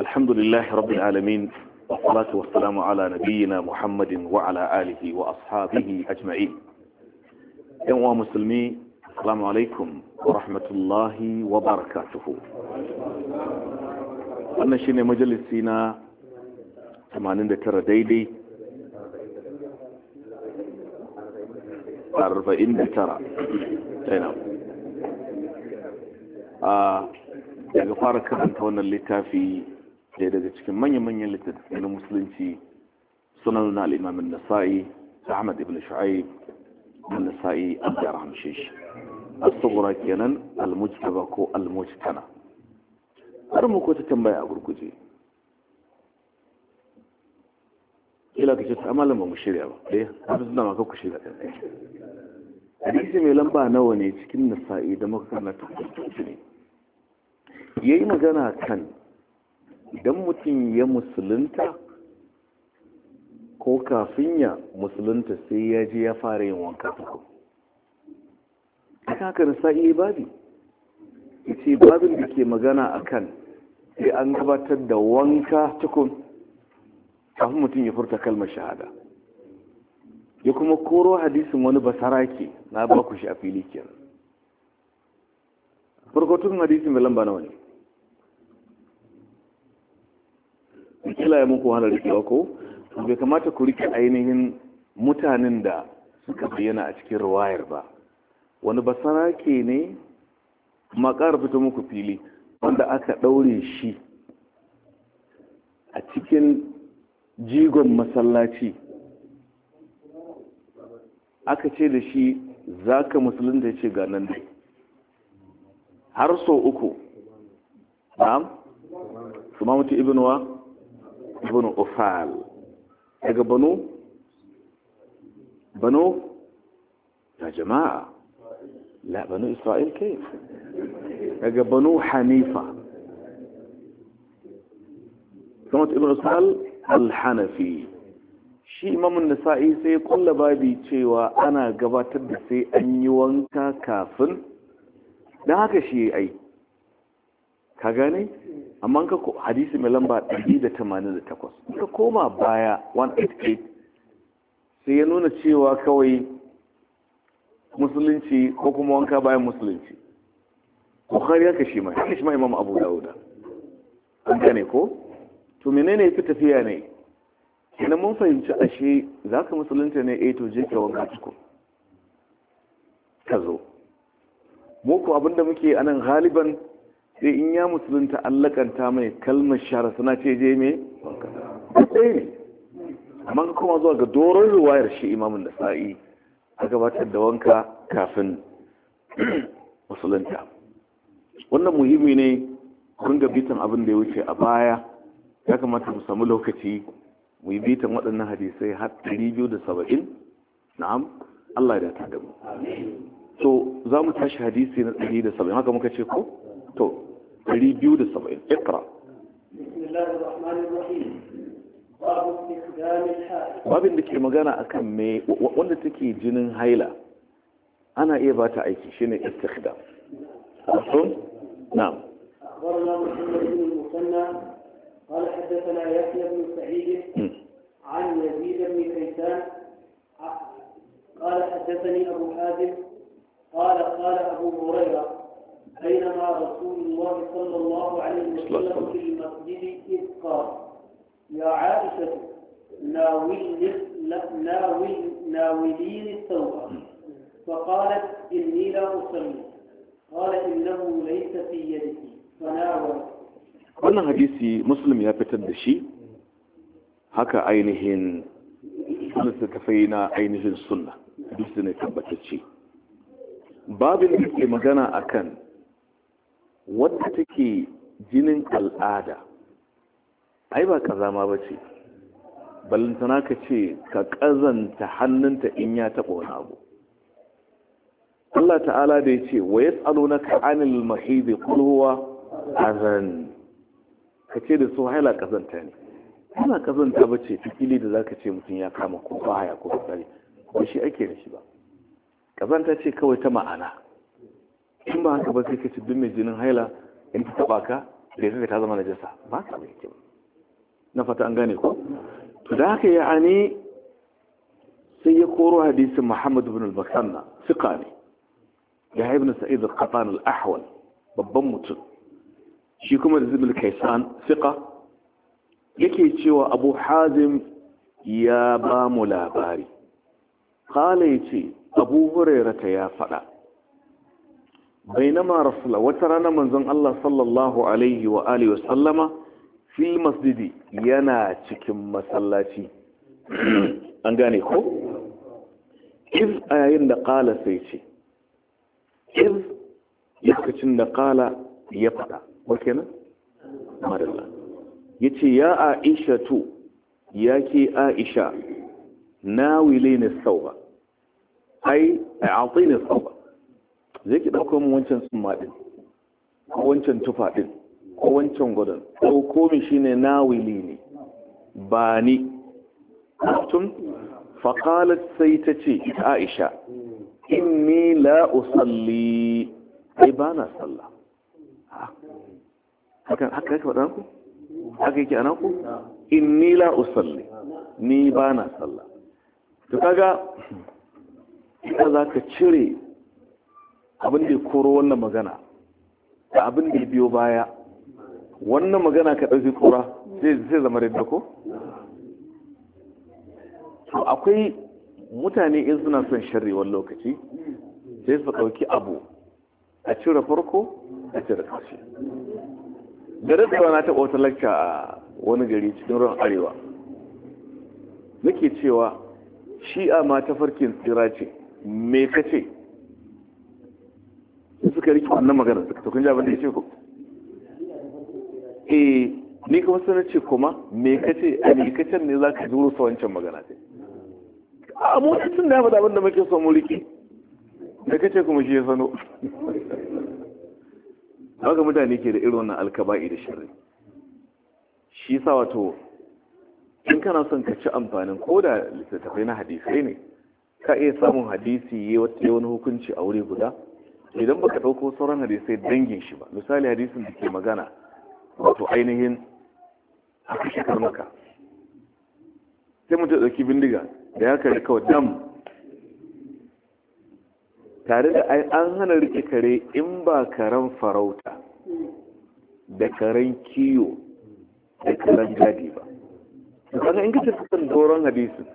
الحمد لله رب العالمين والصلاة والسلام على نبينا محمد وعلى آله وأصحابه أجمعين يوم مسلمي السلام عليكم ورحمة الله وبركاته أنا شيني مجلسينا 89 ديدي 49 daga أنت karanta اللي littafi ɗaya daga cikin manya-manyan littattafai na musulunci sunan na al'imamin nasa'i da ahmad ibn shu'aib da nasa'i abda rahamshish a sughra kenan al ko al-mujtana har mu ko ta tambaya a gurguje ka ce ta amalin ba mu shirya ba eh abin suna maka ku shirya hadisi mai lamba nawa ne cikin nasa'i da muka ta ta ne yayi magana kan idan mutum ya musulunta ko kafin ya musulunta sai ya je ya fara yin wanka tukun a haka Sa'i babi ce babin da ke magana a kan sai an gabatar da wanka tukun kafin mutum ya furta kalmar shahada ya kuma koro hadisin wani basarake na baku shi a fili farko tun hadisin mai lamba na wani kila ya muku wahala rikewa ko bai kamata ku rike ainihin mutanen da suka bayyana a cikin ruwayar ba wani ke ne makar fito muku fili wanda aka ɗaure shi a cikin jigon masallaci aka ce da shi za ka musulun da ya ce ganin dai har sau uku na'am su mamutu wa. ibn ufal daga banu banu ya jama'a la banu isra'il kai daga banu hanifa kamar ibn ufal al-hanafi shi imamun nisa'i sai kulla babi cewa ana gabatar da sai an yi wanka kafin don haka shi ai ka gane amma ka ko hadisi mai lamba 188 ka koma baya 188 sai ya nuna cewa kawai musulunci ko kuma wanka bayan musulunci bukhari haka shi mai ya shi mai imam abu dauda an gane ko to menene fi tafiya ne idan mun fahimci ashe za ka musulunta ne a eh, to je ka wanka ciko ka zo mu ko abinda muke anan galiban sai in ya musulunta allakanta mai kalmar shara suna ce je me ɗaya ne amma ka kuma zuwa ga doron ruwayar shi imamun da sa'i a gabatar da wanka kafin musulunta wannan muhimmi ne kun ga bitan abin da ya wuce a baya ya kamata mu samu lokaci mu yi bitan waɗannan hadisai har biyu da saba'in na'am Allah ya da mu so za mu tashi hadisi na ɗari da saba'in haka muka ce ko تو ريفيو للصفحه اقرا بسم الله الرحمن الرحيم باب استخدام الحائل باب انك magana akan me wanda take haila ana iya bata aiki shine istikhdam mafhum na'am akhbarana muhammad bin قال حدثنا يحيى بن سعيد عن يزيد بن كيسان قال حدثني ابو حازم قال قال ابو هريره بينما رسول الله صلى الله عليه وسلم في المسجد إذ قال يا عائشة ناول ناولين الثوب فقالت إني لا أصلي قال إنه ليس في يدك فناولت wannan hadisi muslim ya fitar da shi haka ainihin littattafai na ainihin sunna hadisi ne tabbatacce babin da ke magana akan wadda take jinin al'ada ai ba kazama ba ce ballantana ka ce ka kazanta hannunta in ya taɓa wani abu Allah ta'ala da ya ce wa ya tsalo na ka'anil mahidi a azan ka ce da su haila kazanta ne ana kazanta ba ce fili da za ka ce mutum ya kama ko haya ko fitsari ba shi ake da shi ba kazanta ce kawai ta ma'ana in ba haka ba sai ka ci duk mai jinin haila in ta taba ka da yasa ta zama najasa ba ka bai ba na fata an gane ko to da haka ya'ani sai ya koro hadisin Muhammad ibn al-Bakanna fiqa ne ya ibn Sa'id al-Qatan al-Ahwal babban mutum shi kuma da zibul kaisan fiqa yake cewa Abu Hazim ya ba mu labari kala yace Abu Hurairah ya faɗa bainama rasula wata rana manzon Allah sallallahu alaihi wa alihi wa sallama fil masjidi yana cikin masallaci an gane ko iz ayin da qala sai ce iz lokacin da qala ya fada ko kenan madalla yace ya aisha tu yake aisha nawilin sauba ai a'tini sauba zai ki ɗauko min wancan tsumma ɗin ko wancan tufa ɗin ko wancan gwadon ko komi shi ne wili ne ba ni tun faƙalar sai ta ce aisha in ni la'usalli ai ba na sallah haka haka yake faɗa ku haka yake ana ku in ni la'usalli ni ba na sallah to kaga ita za ka cire abin da ya koro wannan magana da abin da ya biyo baya wannan magana ka ɗauki kura zai zama da ko? to akwai mutane in suna son sharrewar lokaci sai su ɗauki abu a cire farko a cire ƙarshe da daɗewa na taɓa wata lakca a wani gari cikin ruwan arewa nake cewa shi'a ma ta farkin tsira ce me ka ce da suka rike wannan magana to kun ji abin da ya ce ku eh ni kuma sai ce kuma me kace a ka kace ne zaka juro sa wancan magana ce a mu tun da faɗa abin da muke so mu rike da kace kuma shi ya sano haka mutane ke da irin wannan alkaba'i da sharri shi sa wato in kana son ka ci amfanin ko da littattafai na hadisai ne ka iya samun hadisi yi wani hukunci a wuri guda idan baka ɗauko sauran hadisai dangin shi ba misali hadisin da ke magana wato ainihin a kashe karnuka sai mutum ɗauki bindiga da ya kare kawai dam tare da an hana rike kare in ba karen farauta da karen kiyo da karen gadi ba kaga in kace sukan doron hadisin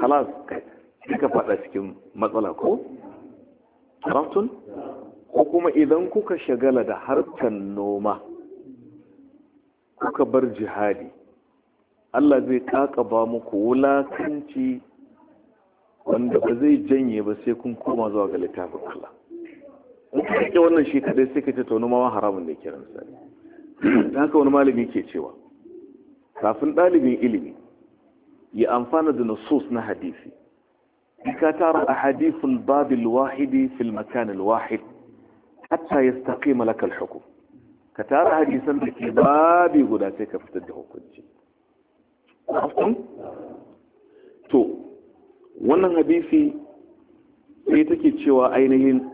halas kai suka faɗa cikin matsala ko raftun ko kuma idan kuka shagala da harkar noma kuka bar jihadi Allah zai kakaba muku wulakanci wanda ba zai janye ba sai kun koma zuwa ga littafin Allah in ka ke wannan shi kadai sai ka ce to noma haramun da kiran sa Da haka wani malami ke cewa kafin ɗalibin ilimi ya amfana da nusus na hadisi ka tara ahadithul babil wahidi fil makan al wahid hatta ya staƙi malakal hukum ka tara hadisan da ke babi guda sai ka fitar da hukunci to wannan hadisi sai take cewa ainihin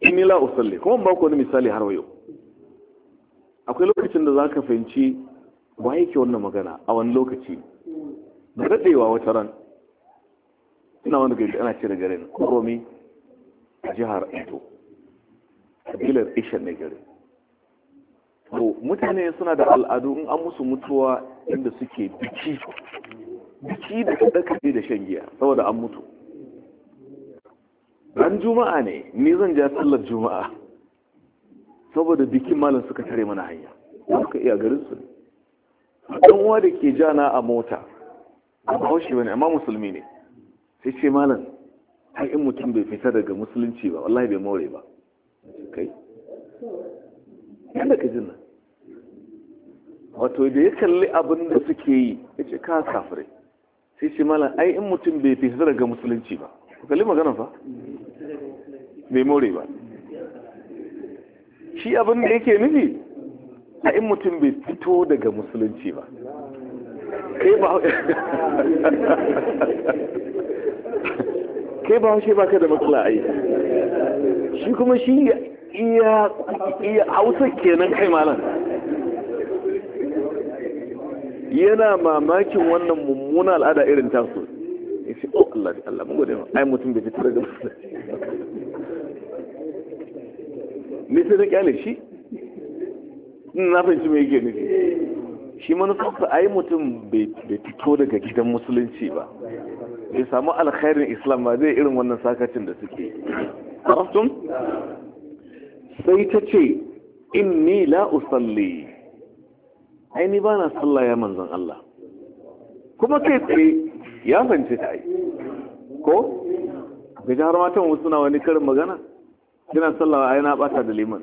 inila usalli kuma ba ku wani misali har yau akwai lokacin da za ka fahimci ba yake wannan magana a wani lokaci da daɗewa wata ran ina wani gari ana ce da garin komi a jihar edo kabilar isha ne gari to mutane suna da al'adu in an musu mutuwa inda suke biki biki da kaɗe-kaɗe da shan giya saboda an mutu ran juma'a ne ni zan ja sallar juma'a saboda bikin malam suka tare mana hanya suka iya garin su dan uwa da ke jana a mota a bahaushe wani amma musulmi ne sai ce malam har in mutum bai fita daga musulunci ba wallahi bai more ba kai yadda ka jina wato da ya kalli abin da suke yi ya ce ka kafirai sai shi mala ai in mutum bai fi daga musulunci ba kalli magana fa bai more ba shi abin da yake nufi a in mutum bai fito daga musulunci ba kai ba kai ba haushe ba ka da matsala yi. shi kuma shi iya iya hausa kenan kai malam yana mamakin wannan mummuna al'ada irin taso ya fi oh Allah da Allah mun gode ma ai mutum bai fitar da ne sai da kyale shi na fahimci me yake nufi shi manufarsa ai mutum bai fito daga gidan musulunci ba bai samu alkhairin islam ba zai irin wannan sakacin da suke عرفتم سيتشي إني لا أصلي أيني بانا صلى يا منزل الله كما كيتي يا فنتي تاي ko ga jihar matan wasu suna wani karin magana kina sallawa ai bata da liman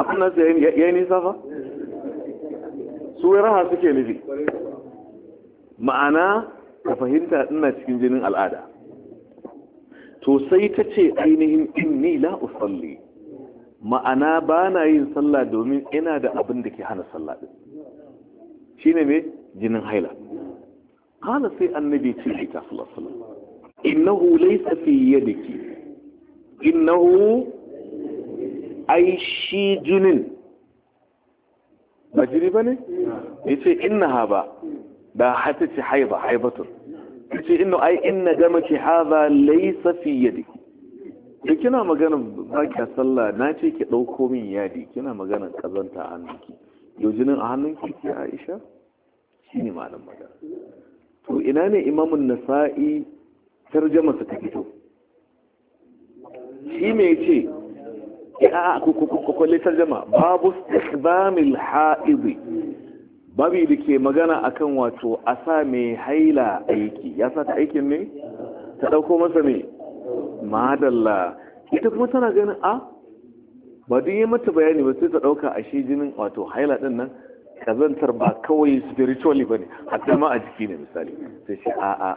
abin nan sai yayi nisa fa su raha suke nufi ma'ana ka fahimta ina cikin jinin al'ada to sai ta ce ainihin inni la usalli ma'ana ba na yin sallah domin ina da abin da ke hana sallah din shine me jinin haila qala sai annabi ce ita sallallahu alaihi wasallam innahu laysa fi yadiki innahu ai shi jinin ba jini bane yace innaha ba da hata ce haiba haibatun ce inna ai inna damaki hadha laysa fi yadiki to kina magana ba kya sallah na ce ki dauko min yadi kina magana kazanta a hannunki yau jinin a hannunki ki aisha shi ne malam magana to ina ne imamun nasa'i tarjama sa ta fito shi me ce a a kukwalli tarjama babu istikbamil ha'izi babi da ke magana akan wato a sa mai haila aiki ya sa ta aikin ne ta ɗauko masa ne? madalla ita kuma tana ganin a ah, ba duk yi mata bayani ba sai ta ɗauka a shi jinin wato haila ɗin nan kazantar ba kawai spiritually ba ne hatta ma a jiki ne misali sai shi a'a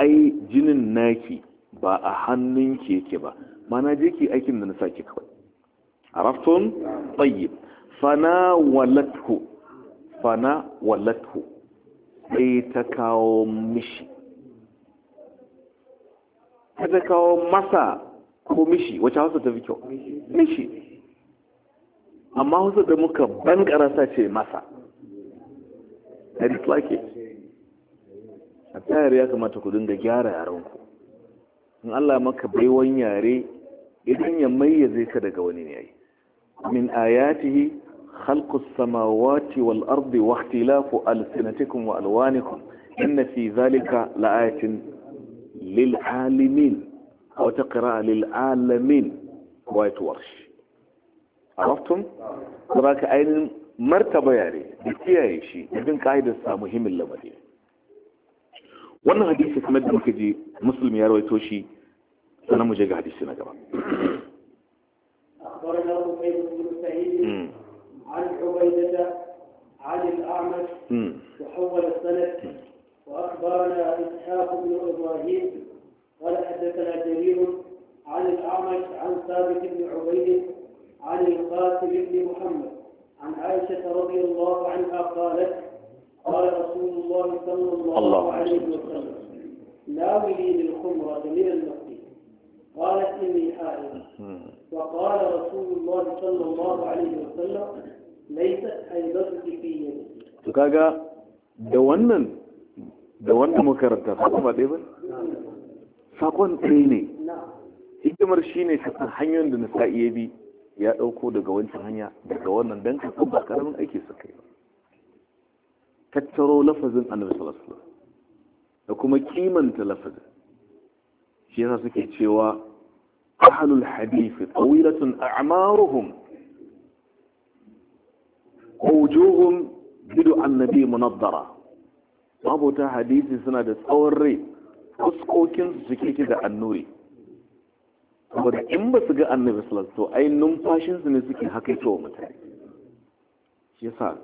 ai jinin naki ba a hannun keke yake ba mana je ki aikin da na saki kawai tayyib fana walatku fana walatu sai ta kawo mishi ta ta kawo masa ko mishi wacce hausa ta fi kyau mishi amma hausa da muka ban karasa ce masa a dislike a tsayar ya kamata ku dinga gyara yaranku in allah maka baiwan yare idan ya mayyaze ka daga wani ne min ayatihi خلق السماوات والأرض واختلاف ألسنتكم وألوانكم إن في ذلك لآية للعالمين أو تقراء للعالمين رواية ورش عرفتم؟ تراك أين مرتبة يعني أي شيء يبين قاعدة مهم اللمدي وانا hadisi kamar da muka ji muslim ya rawaito shi sanan أخبرنا أبو سعيد عن عبيدة عن الأعمش وحول السند وأخبرنا إسحاق بن إبراهيم قال حدثنا جرير عن الأعمش عن ثابت بن عبيد عن القاسم بن محمد عن عائشة رضي الله عنها قالت قال رسول الله صلى الله, الله عليه وسلم ناولي للخمرة من المسجد قالت إني حائض وقال رسول الله صلى الله عليه وسلم to kaga da wannan da wannan makaranta sakon ba ɗaya ba sakon ɗaya ne hikimar shi ne kasan hanyoyin da nasa iya bi ya ɗauko daga wancan hanya daga wannan don ka ba karamin aiki su kai tattaro lafazin annabi sallallahu alaihi wasallam da kuma kimanta lafazin shi yasa suke cewa ahlul hadith tawilatun a'maruhum wujuhun bidu annabi munaddara ta hadisi suna da tsawon rai fuskokin su da annuri saboda in ba su ga annabi sallallahu alaihi wasallam ai numfashin su ne suke yi to mutane shi ka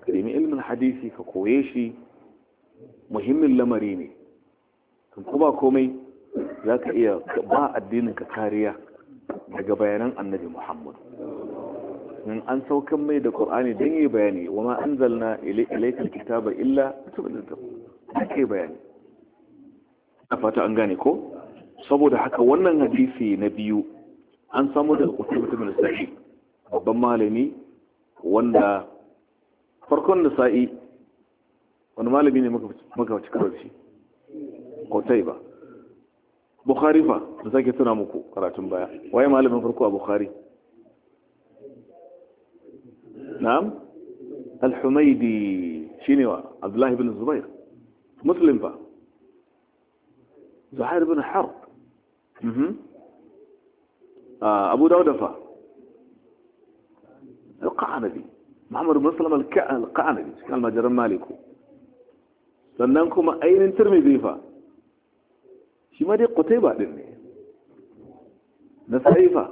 kalimi ilmin hadisi ka koye shi muhimmin lamari ne ko ba komai za ka iya ba addinin ka kariya daga bayanan annabi Muhammad. nan an saukan mai da qur'ani dan yi bayani wa ma an zalna ilaikar kitaba illa tubdatu ake bayani a fata an gane ko saboda haka wannan hadisi na biyu an samu daga kutubatu min sa'i babban malami wanda farkon da sa'i wani malami ne muka wacce karo da shi kotai ba bukhari fa da sake tuna muku karatun baya waye malamin farko a bukhari نعم الحميدي شنو عبد الله بن الزبير مسلم بقى زهير بن حرب اها ابو داود فا القعنبي محمد بن مسلم القعنبي كان ما جرى مالكو فنانكم اين الترمذي فا شي ما دي قتيبه دني نسائي فا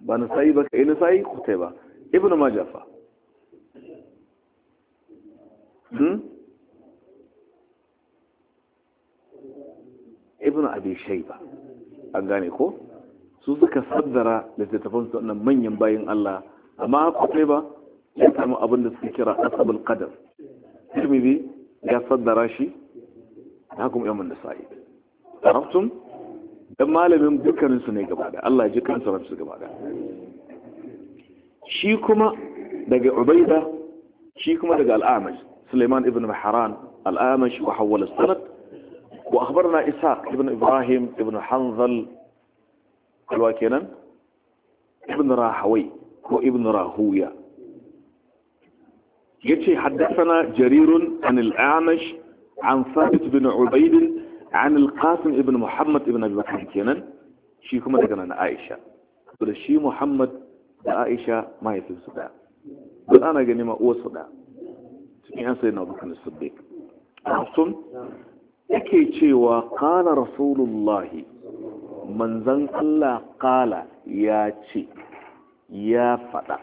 بنسائي اين نسائي قتيبه ابن ماجه فا Hmm? ibn abi shaiba an gane ko su suka saddara littattafan su wannan manyan bayan Allah amma kwatai ba ya samu abin da suka kira asabul qadar tirmidhi ya saddara shi 'yamma da nasa'i arabtum dan malamin dukkanin su ne gaba da Allah ji kansu ransu gaba da shi kuma daga ubaida shi kuma daga al'amaji سليمان ابن محران الآمش وحول السند وأخبرنا إسحاق ابن إبراهيم ابن حنظل الواكينا ابن راحوي وابن راهويا يتي حدثنا جرير عن الأعمش عن ثابت بن عبيد عن القاسم ابن محمد ابن أبي بكر كينا شي كما عائشة ولا شي محمد عائشة ما يسلسل ده أنا قال ما أوصل cikin yan sayi na abokan sabbi sun yake cewa kala rasulullahi manzan allah kala ya ce ya faɗa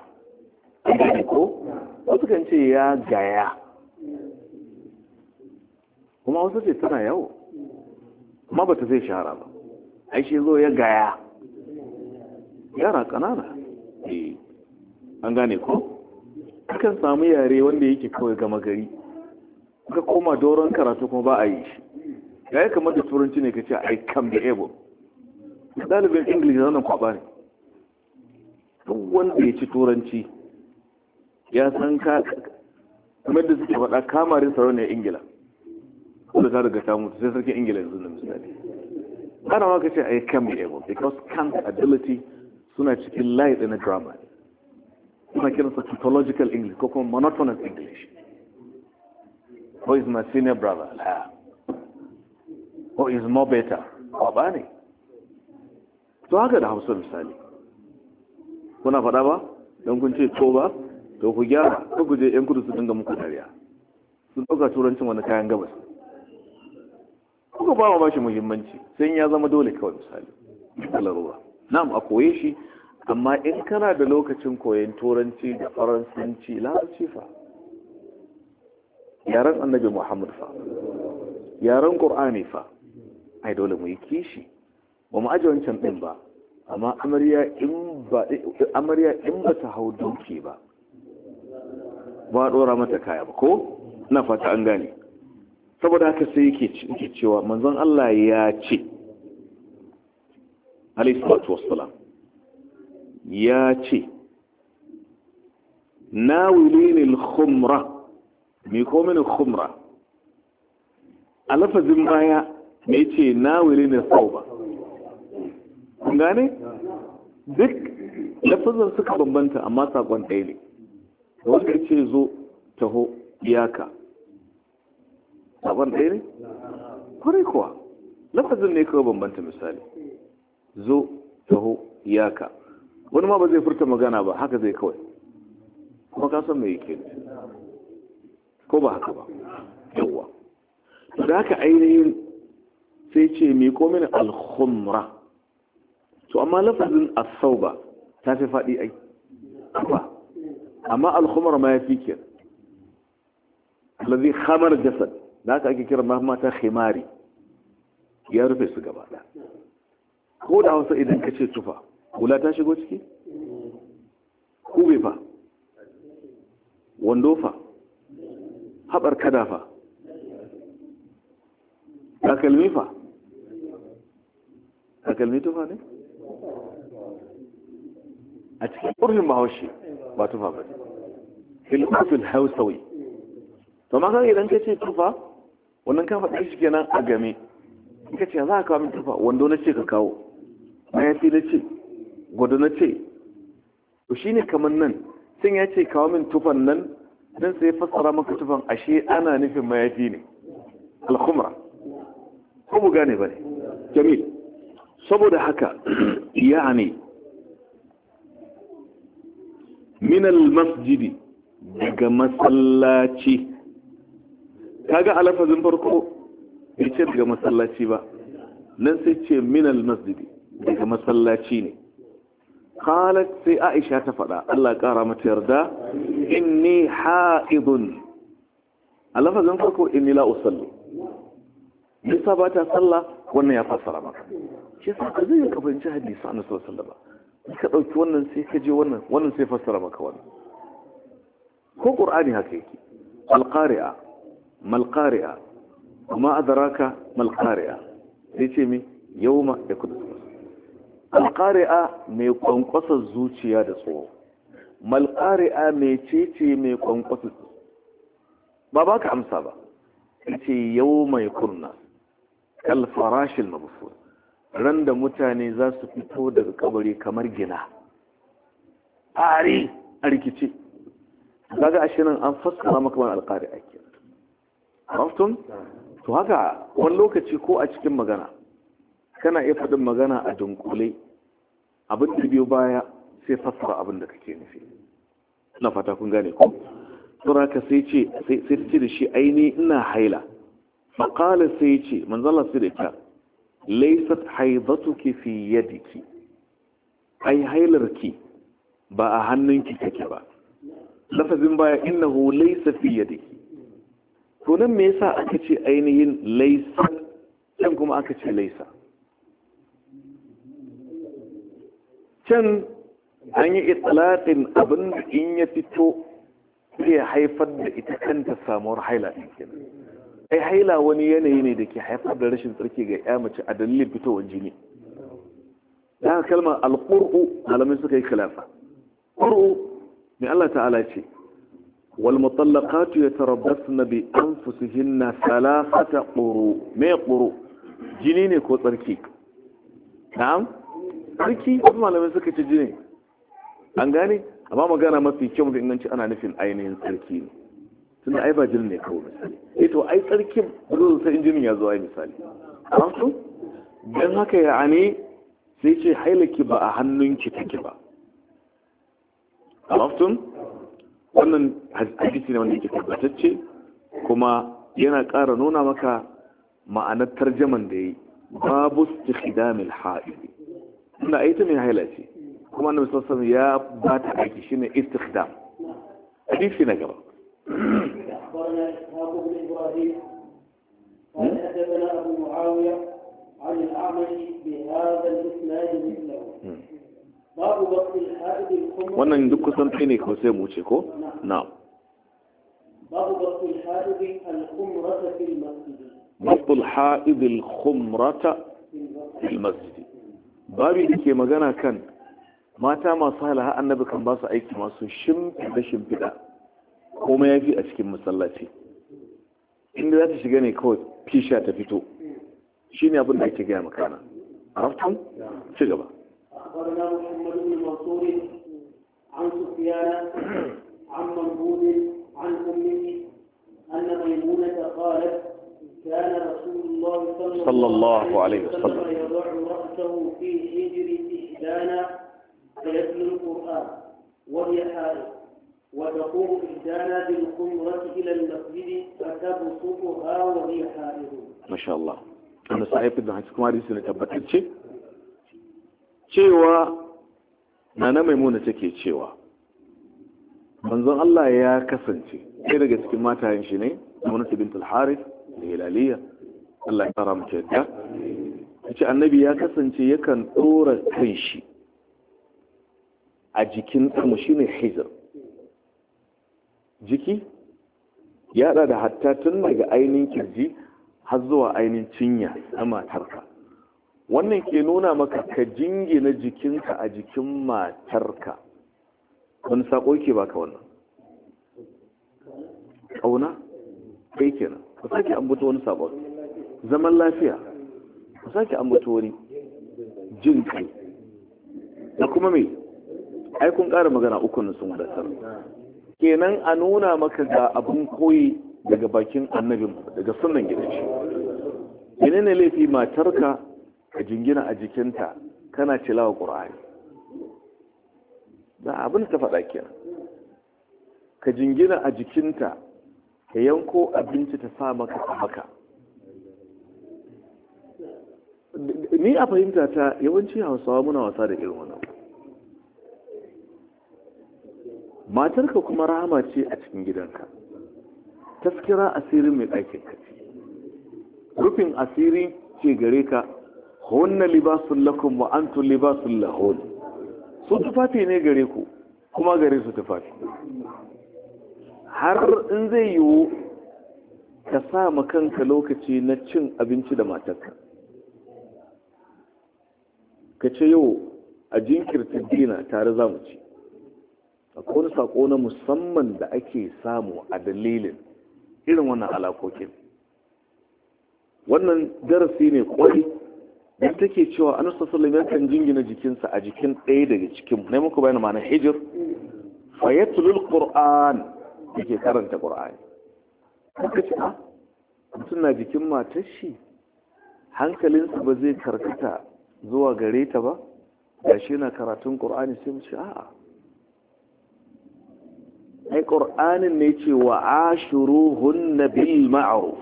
ko wasu kan ce ya gaya kuma wasu ce tana yawo amma ba ta zai shahara ba aishi zo ya gaya yara ƙanana eh. an gane ko kan samu yare wanda yake kawai gama gari ka koma doron karatu kuma ba a yi shi ya yi kamar da turanci ne ka ce i can be able ɗalibin english zana kwaba ne duk wanda ya ci turanci ya san ka kamar da suke faɗa kamarin sarauniyar ingila wanda ta daga ta sai sarkin ingila yanzu na misali ana ka ce i can be able because can't ability suna cikin light na drama ne kuna kiransa tautological english ko kuma monotonous english who is my senior brother la who is more better ba ne to haka da hausa misali kuna faɗa ba don kun ce to ba to ku gyara ko ku je yan kudu su dinga muku dariya sun ɗauka turancin wani kayan gabas kuka ba wa bashi muhimmanci sai ya zama dole kawai misali Na na'am a koye shi amma in kana da lokacin koyon turanci da faransanci larabci fa yaren annabi muhammad fa yaren ƙur'ani fa ai dole mu yi kishi ba mu aji wancan ɗin ba amma amarya in ba ta hau doki ba ba ɗora mata kaya ba ko na fata an gane saboda haka sai yake cewa manzon Allah ya ce alaihi salatu wassalam ya ce na wilini khumra mai komini khumra a lafazin baya mai ce na wilini sauba gane duk lafazin suka bambanta amma sakon ɗaya ne da wanda ce zo taho iyaka sakon ɗaya ne? kwarai kuwa lafazin ne kawai bambanta misali zo taho iyaka wani ma ba zai furta magana ba haka zai kawai kuma ka san mai yake ko ba haka ba yawwa da haka ainihin sai ce mai komin alhumra to amma lafazin ba ta fi faɗi ai ba amma alhumra ma ya fi kir lazi hamar jasad da haka ake kira mata khimari ya rufe su gaba ko da hausa idan ka ce tufa kula ta shigo ciki kube fa wando fa haɓar kada fa takalmi fa takalmi tufa ne a cikin ƙurfin bahaushe ba tufa ba filofil hausawi to ma kan idan ka ce tufa wannan kan faɗi shi kenan a game ka ce za a kawo min tufa wando na ce ka kawo na ya fi na ce gudu na ce to shine kamar nan sun ya ce kawo min tufan nan nan sai fassara maka tufan ashe ana nufin mayafi ne alkhumra ko mu gane ba ne jamil saboda haka ya ne min masjidi daga masallaci kaga ga alafazin farko ya ce daga masallaci ba nan sai ce min masjidi daga masallaci ne qalat sai aisha ta faɗa Allah ƙara mata yarda inni ha'idun a lafazin farko inni la usalli bisa ba ta sallah wannan ya fassara maka shi sa ka zai ka fahimci hadisi annabi sallallahu alaihi wasallam ka ɗauki wannan sai ka je wannan wannan sai fassara maka wannan ko qur'ani haka yake al mal mal ce alƙari'a mai kwankwasa zuciya da tsoro malƙari'a mai cece mai kwankwasa ba ba ka amsa ba ce yau mai kurna kalfarashin mabufu ran da mutane za su fito daga kabari kamar gina fari a rikici daga ashirin an fassara makamar alƙari'a ke maftun to haka wani lokaci ko a cikin magana kana iya faɗin magana a dunkule abin da biyu baya sai fassara abin da kake nufi na fata kun gane ku. sura ka sai ce sai ce da shi aini ina haila faqala sai ce manzala sai da ta haibatu ke fi yadiki ai hailar ki. ba a hannun ki kake ba lafazin baya hu laysa fi yadiki to nan me yasa aka ce ainihin laysa dan kuma aka ce laysa can an yi itsalatin abin da in ya fito zai haifar da ita kanta samuwar haila ɗin kenan ai haila wani yanayi ne da ke haifar da rashin tsarki ga ya mace a dalilin fitowar jini da kalmar alƙur'u malamai suka yi kilafa ƙur'u mai Allah ta'ala ce wal mutallaqatu yatarabbasna bi anfusihinna thalathata quru me quru jini ne ko tsarki na'am Sarki wasu malamai suka ci jini an gane amma magana mafi kyau da inganci ana nufin ainihin sarki ne tunda ai ba jini ne kawai misali eh to ai tsarki zo sai injinin ya zo ai misali an su dan haka ya ane sai ce hailaki ba a hannunki take ba alaftun wannan hadisi ne wanda ke tabbatacce kuma yana ƙara nuna maka ma'anar tarjaman da yi babu istikhdamil ha'ibi tunda a yi ta mai haila ce kuma annabi sassan ya ba ta aiki shi ne istikdam hadisi na gaba عن الأعمش بهذا الإسناد مثله babu bakin haɗin kuma wannan duk kusan kai ne ko sai mu ce ko na'am babu bakin haɗin al-khumrata fil masjid babu al-haɗin al-khumrata fil masjid babu da ke magana kan mata masu halaha annabi kan basu aiki masu shimfiɗa shimfiɗa ma ya fi a cikin masallaci inda za ta shiga ne kawai fisha ta fito shi ne abin da ake gaya makana عرفتم؟ في جبا عن سفيان عن عن أمه أن ميمونة قالت كان رسول الله صلى, الله عليه وسلم يضع رأسه في حجر إحدانا فيتلو القرآن وهي حائض وتقوم إحدانا بالقمرة إلى المسجد فتبسطها وهي حائض ما شاء الله أنا صحيح إذا حسكم هذه السنة تبتت شيء cewa na na maimuna take cewa manzon Allah ya kasance ɗaya daga cikin matayen shi ne Aminatu bint al-Harith hilaliya Allah ya tsara mace ya ce annabi ya kasance yakan ɗora kanshi a jikin ɗanmu shi ne hijir jiki ya da hatta tun daga ainihin kirji har zuwa ainihin cinya na matarka wannan ke nuna maka ka jingina jikinka a jikin matarka wani saƙo ke baka wannan ƙauna kai kenan ku sake ambuto wani sabon zaman lafiya ku sake ambuto wani jin kai da kuma me Aikun kun ƙara magana uku na sun wadatar kenan a nuna maka ga abin koyi daga bakin annabin daga sunan gidanci yana ne laifi matarka ka jingina a jikinta kana cilawa ƙura'ari. da abin ta faɗa kenan ka jingina a jikinta ta yanko abinci ta sa maka a maka ni a fahimta ta yawanci hausawa muna wasa da irin wannan matarka kuma rahama ce a cikin gidanka taskira asirin mai ɗakin ka ce. rufin asiri ce gare ka hunna libasun lakum wa libasun lahun su tufafi ne gare ku kuma gare su tufafi har in zai yiwu ka sa ma kanka lokaci na cin abinci da matarka ka ce yau a jinkirta dina tare za mu ci A kone saƙo na musamman da ake samu a dalilin irin wannan alakokin wannan darasi ne kwari ta take cewa an sassalam ya kan jingina jikinsa a jikin ɗaya daga cikin na bayan ma'ana hijir fayyatulul qur'an yake karanta ƙur'ani haka ce a mutum na jikin matar shi hankalinsa ba zai karkata zuwa gare ta ba da shi na karatun ƙur'ani sai mace a'a ai ne ce wa Ashiru hunna bil ma'ruf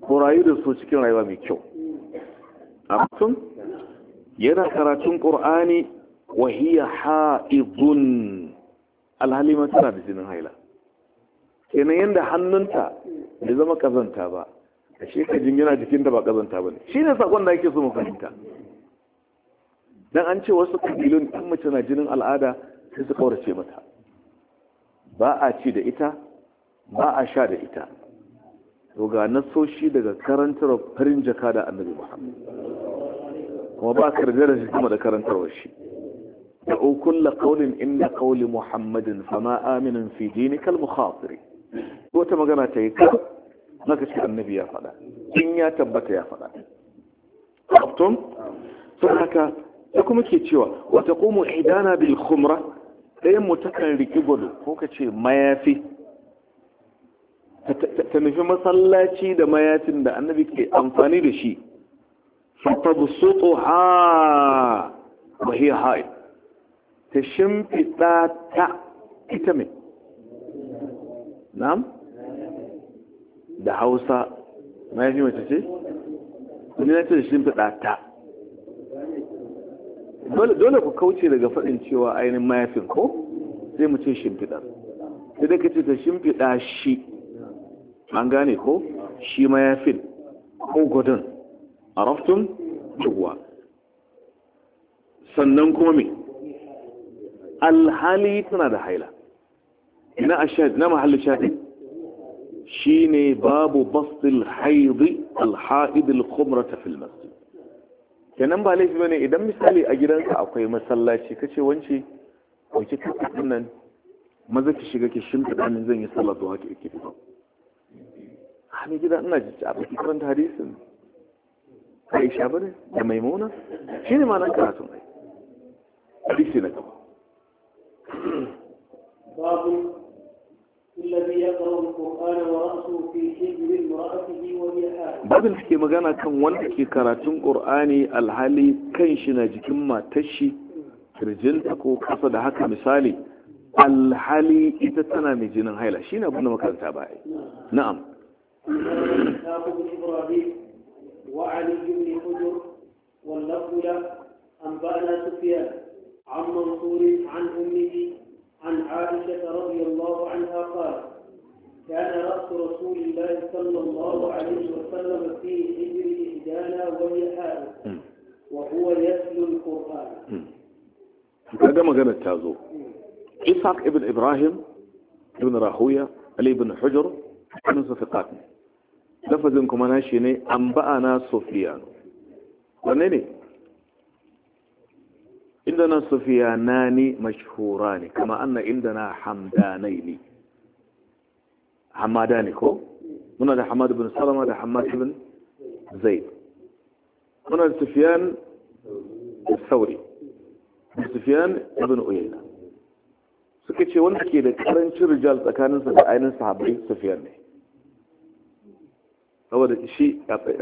ku da su cikin rayuwa mai kyau a mutum yana karatun ƙur'ani wa hiya ha'idun alhalima tana da jinin haila kenan yadda hannunta bai zama kazanta ba a jin yana jikin da ba kazanta ba ne shi ne sakon da ake so mu fahimta dan an ce wasu kabilun in mace na jinin al'ada sai su kaurace mata ba a ci da ita ba a sha da ita to ga nasoshi daga karantar farin jaka da annabi muhammad kuma ba ka da shi kuma da karantarwar shi da ukun la qawlin inna qawli muhammadin sama aminin fi dinikal mukhatiri wata magana ta yi ka na kashi annabi ya faɗa in ya tabbata ya faɗa kaftum sun haka ta kuma ke cewa wata kuma idana bil khumra ɗayan mu takan riki gwado ko ka ce mayafi ta nufi masallaci da mayafin da annabi ke amfani da shi fata busutu ha ba ha'i ta shimfiɗa ta ita mai na'am da hausa mayafi mace ce ni na ce da shimfiɗa ta dole ku kauce daga faɗin cewa ainihin mayafin ko sai mu ce shimfiɗa sai da ka ta shimfiɗa shi an gane ko shi mayafin ko gudun a raftun yawwa sannan kuma me alhali tana da haila ina ashad na mahallin shahid shine babu bastil haidi alhaid alkhumrata fil masjid kenan ba laifi bane idan misali a gidanka akwai masallaci kace wance wace kake nan maza ki shiga ki shimta min zan yi sallah zuwa ki ki ba. hani gida ina ji a baki karanta hadisin Aisha bane da Maimuna shine ma nan karatu hadisi na gaba babu الذي يقرأ القرآن ورأسه في حجر امرأته وهي حائض magana kan wanda ke karatun Qur'ani alhali kan shi na jikin matar shi kirjinta ko kasa da haka misali alhali ita tana mai jinin haila shine na da makaranta ba وعلي بن حجر واللفظ له أنبأنا سفيان عن منصور عن أمه عن عائشة رضي الله عنها قالت كان رأس رسول الله صلى الله عليه وسلم في حجر إهدانا وهي حائض وهو يتلو القرآن هذا ما قالت تازو إسحاق ابن إبراهيم ابن راهوية علي بن حجر من صفقاتنا لفظ انكم nashi ne أنبأنا سفيان. عندنا سفيانان مشهوران كما أن عندنا حمدانين حمادان كو من هذا حماد بن سلمة هذا حماد بن زيد من هذا سفيان الثوري سفيان بن أيينة suka ce wanda ke da karancin rijal tsakaninsa da ainihin sahabbai sufiyar ne saboda shi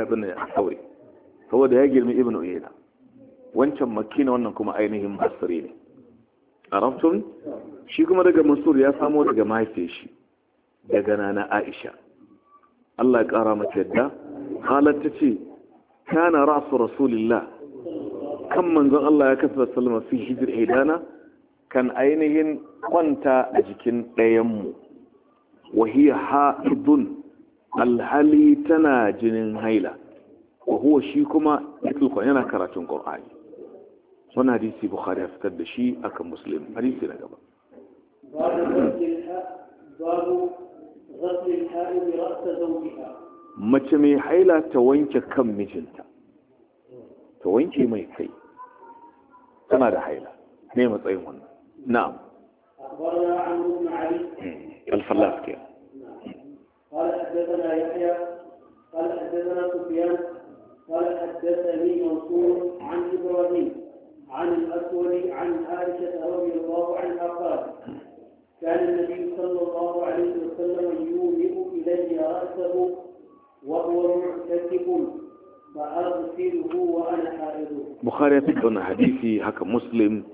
abin da ya saboda ya girmi ibn wancan makki ne wannan kuma ainihin masri ne arabtum shi kuma daga masur ya samo daga mahaifiyar shi daga nana aisha Allah ya kara mace yadda halar ta ce kana rasu rasulillah kan manzon Allah ya kasa sallama fi hijir idana kan ainihin kwanta a jikin ɗayanmu wahiyya ha'idun alhali tana jinin haila wa huwa shi kuma yana karatun Ƙur'ani. وانا حديثي بخاري افتد شيء اكا مسلم حديثي لك باب غسل الحائل رأس زوجها ما تمي حيلا توينك كم مجنتا توينك ما يكي كما دا حيلا نعم أخبرنا عن ابن علي الفلاس كيف قال حدثنا يحيى قال حدثنا سفيان قال حدثني منصور عن ابراهيم عن الأسود عن عائشة رضي الله عنها قال كان النبي صلى الله عليه وسلم يوهب إلي رأسه وهو معتكف فأغسله وأنا حائض بخاري تكون حديثي هكا مسلم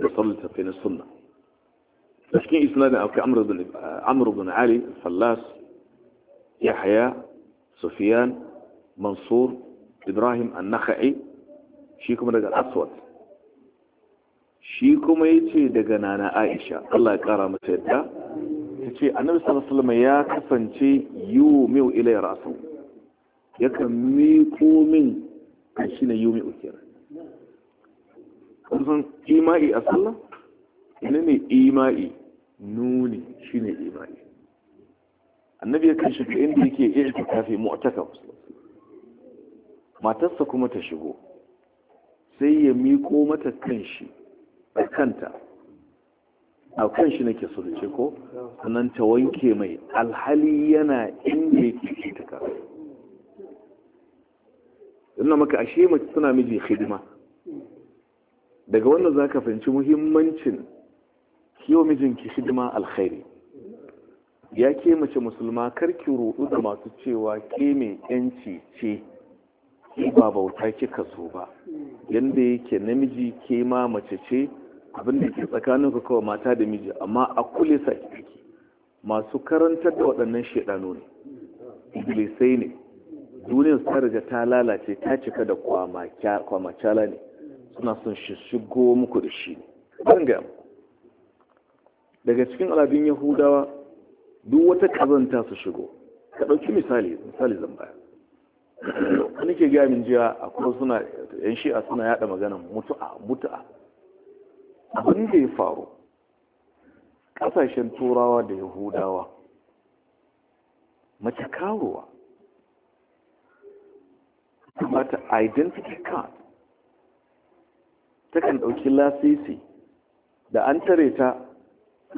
يصلي تفين السنة لكن إسناد أو كعمر بن عمرو بن علي الفلاس يحيى سفيان منصور إبراهيم النخعي شيكم رجل أسود shi kuma ya ce daga nana aisha allah ya kara masa yadda ta ce annabi sallallahu ya kasance yiwu mai ilai rasu kan miƙo min a shi na yiwu mai ukiyar kusan ima'i a sallah ina ne ima'i nuni shi ne ima'i annabi ya kan shiga inda yake iya ta kafe mu'taka matarsa kuma ta shigo sai ya miƙo mata kan shi A kanta a kan shi nake so da ce ko sannan ta wanke mai alhali yana inda yake cutuka ina maka ashe mace suna miji hidima daga wannan za ka fahimci muhimmancin kiwo mijinki hidima alkhairi ya ke mace musulma karki rudu da masu cewa ke mai yanci ce ba bauta kika so ba yadda yake namiji ke ma mace ce abin da ke tsakanin ka kawai mata da miji amma a kule sa ciki. masu karantar da waɗannan shaidano ne iblisai ne duniyar sarja ta lalace ta cika da kwamacala ne suna son shi muku da shi ne daga cikin al'adun yahudawa duk wata kazanta su shigo ka ɗauki misali misali zan baya wani ke gamin jiya akwai suna yan shi'a suna yada magana mutu'a mutu'a abin da ya faru ƙasashen turawa da yahudawa mace karuwa mata identity card takan ɗauki lasisi da an tare ta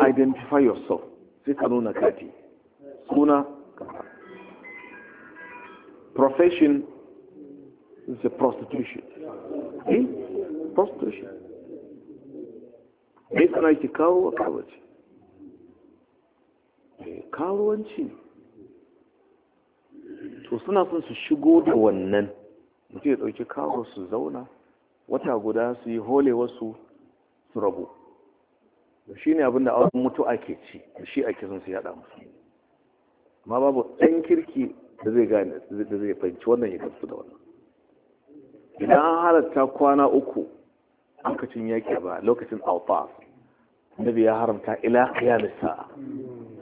identify yourself sai ka nuna kati suna profession is a prostitution eh? prostitution mai tsara ki kawo wa kawace eh, karuwanci ne to suna son su shigo da wannan mutu ya ɗauki kawo su zauna wata guda su yi hole wasu su rabu shi ne abinda awon mutu ake ci da shi ake son su yada musu amma babu ɗan kirki da zai gane da zai fahimci wannan ya gamsu da wannan idan an halatta kwana uku lokacin yaki ba lokacin alfa. annabi ya haramta ila qiyamis sa'a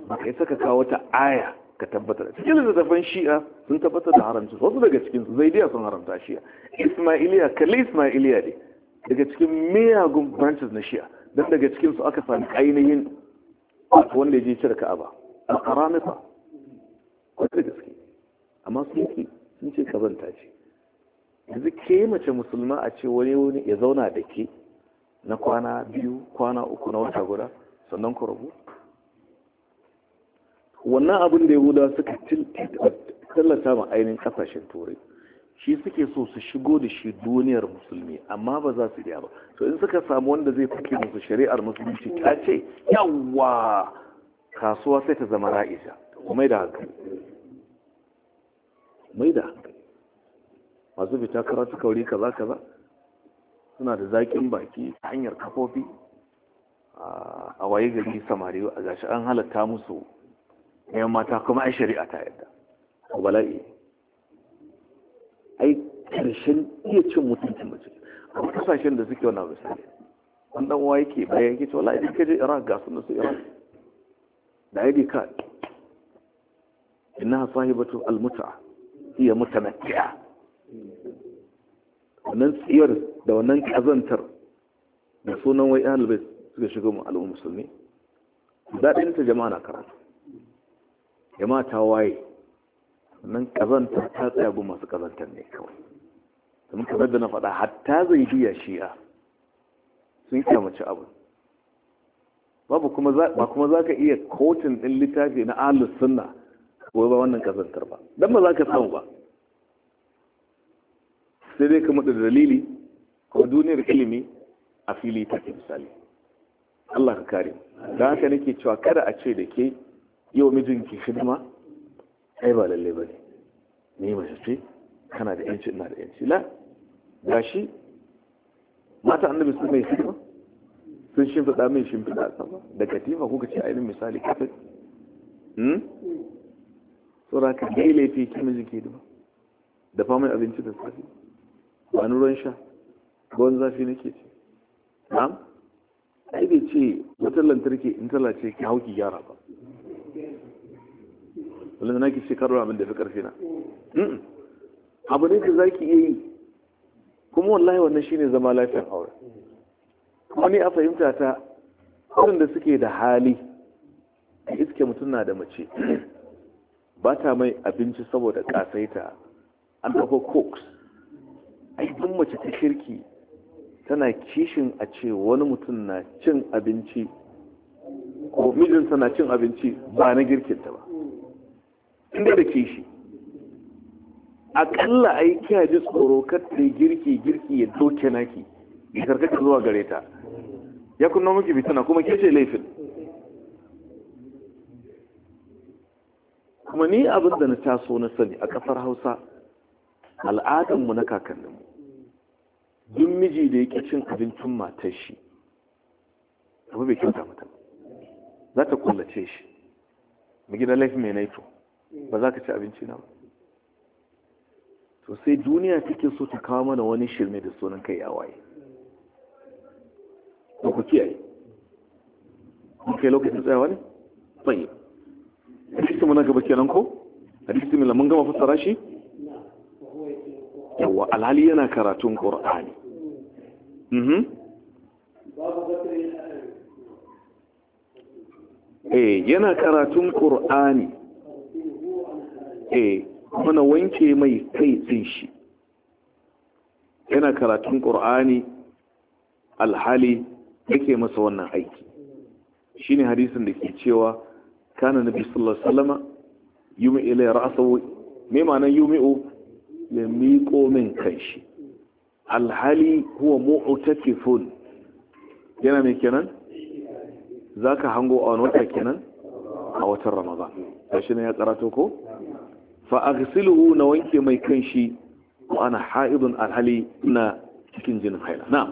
maka kai saka kawo wata aya ka tabbatar cikin zafan shi'a sun tabbatar da haramci wasu daga cikin su zaidiya sun haramta shi'a ismailiya kalli ismailiya ne daga cikin miyagun branches na shi'a Dan daga cikin su aka sami ainihin wanda ya je cire ka'aba al-qaramita da gaske amma sun ki sun ce kazanta ce yanzu ke mace musulma a ce wani wani ya zauna da ke na kwana biyu kwana uku na wata guda sannan ku rabu wannan abin da yahuda suka tallata ma ainihin kasashen turai shi suke so su shigo da shi duniyar musulmi amma ba za su iya ba to in suka samu wanda zai fuke musu shari'ar musulunci ta ce yawwa. kasuwa sai ta zama ra'isa mai da hankali mai da hankali masu fita karatu kauri kaza kaza suna da zaƙin baki ta hanyar kafofi a waye gari samari a gashi an halatta musu yan mata kuma ai shari'a ta yadda a bala'i ai karshen iya cin mutuncin mace a kasashen da suke wani abu sai an dan waye ke bayan yake cewa wallahi ka je iraq ga sun su iraq da ya card innaha sahibatu al-mut'a hiya mutanakki'a wannan tsiyar da wannan kazantar da sunan wai ahlul suka shiga mu al'umma musulmi daɗin ta jama'a na karatu jama'a ta waye wannan kazantar ta tsaya bu masu kazantar ne kawai da muka da na faɗa hatta zai biya shi'a sun kyamaci abu babu kuma ba kuma za ka iya kotun ɗin littafi na ahlus sunna ko ba wannan kazantar ba don ba za ka samu ba sai dai kamar da dalili ko duniyar ilimi a fili ta ke misali Allah ka kare Da haka nake cewa kada a ce da ke yau mijinki hidima ai ba lalle ba ne ni mace ce kana da yanci ina da yanci la gashi mata annabi sun mai hidima sun fada mai shimfiɗa sama da katifa kuka ce ainihin misali kafin tsora hmm? ka dai laifi ki mijin hidima da famin abinci da safi Wani ruwan sha ruwan zafi nake ce na'am ai bai ce wutar lantarki in ce ki hau ki gyara ba wanda na ki ce karo abin da fi karfi na abu ne ka za ki iya yi kuma wallahi wannan shine zama lafiyar aure wani a fahimta ta da suke da hali a iske mutum na da mace ba ta mai abinci saboda kasaita an ɗauko cokes ai mace ta shirki tana kishin a ce wani mutum na cin abinci ko mijinsa na cin abinci ba na girkinta ba inda da kishi akalla a yi ji tsoro katta girki girki ya doke naki ya karkata zuwa gare ta ya kunna miki bitana kuma ke ce laifin kuma ni abin da na taso na sani a kasar hausa al'adanmu na kakanninmu duk miji da yake cin abincin matar shi abu bai kyauta mata za ta kullace shi mu gida laifin mai naito ba za ka ci abinci na ba to sai duniya take so ta kawo mana wani shirme da sunan kai ya waye ba ku kiyaye kai lokacin tsayawa ne tsaye A mu na gaba kenan ko hadisi mu mun gama fassara shi yawa alhali yana karatun ƙor'ani mhm. eh yana karatun ƙor'ani eh mana wanke mai kai tsin shi yana karatun ƙor'ani alhali yake masa wannan aiki shine hadisin da ke cewa kana nabi sallallahu alaihi wasallama yumi ila ra'sahu me ma'anar yumi'u ya miƙo min kanshi alhali huwa mu'takifun yana mai kenan zaka hango a wani wata kenan a watan ramadan kashi ne ya karato ko fa aghsiluhu na wanke mai kanshi wa ana haidun alhali na cikin jinin haila na'am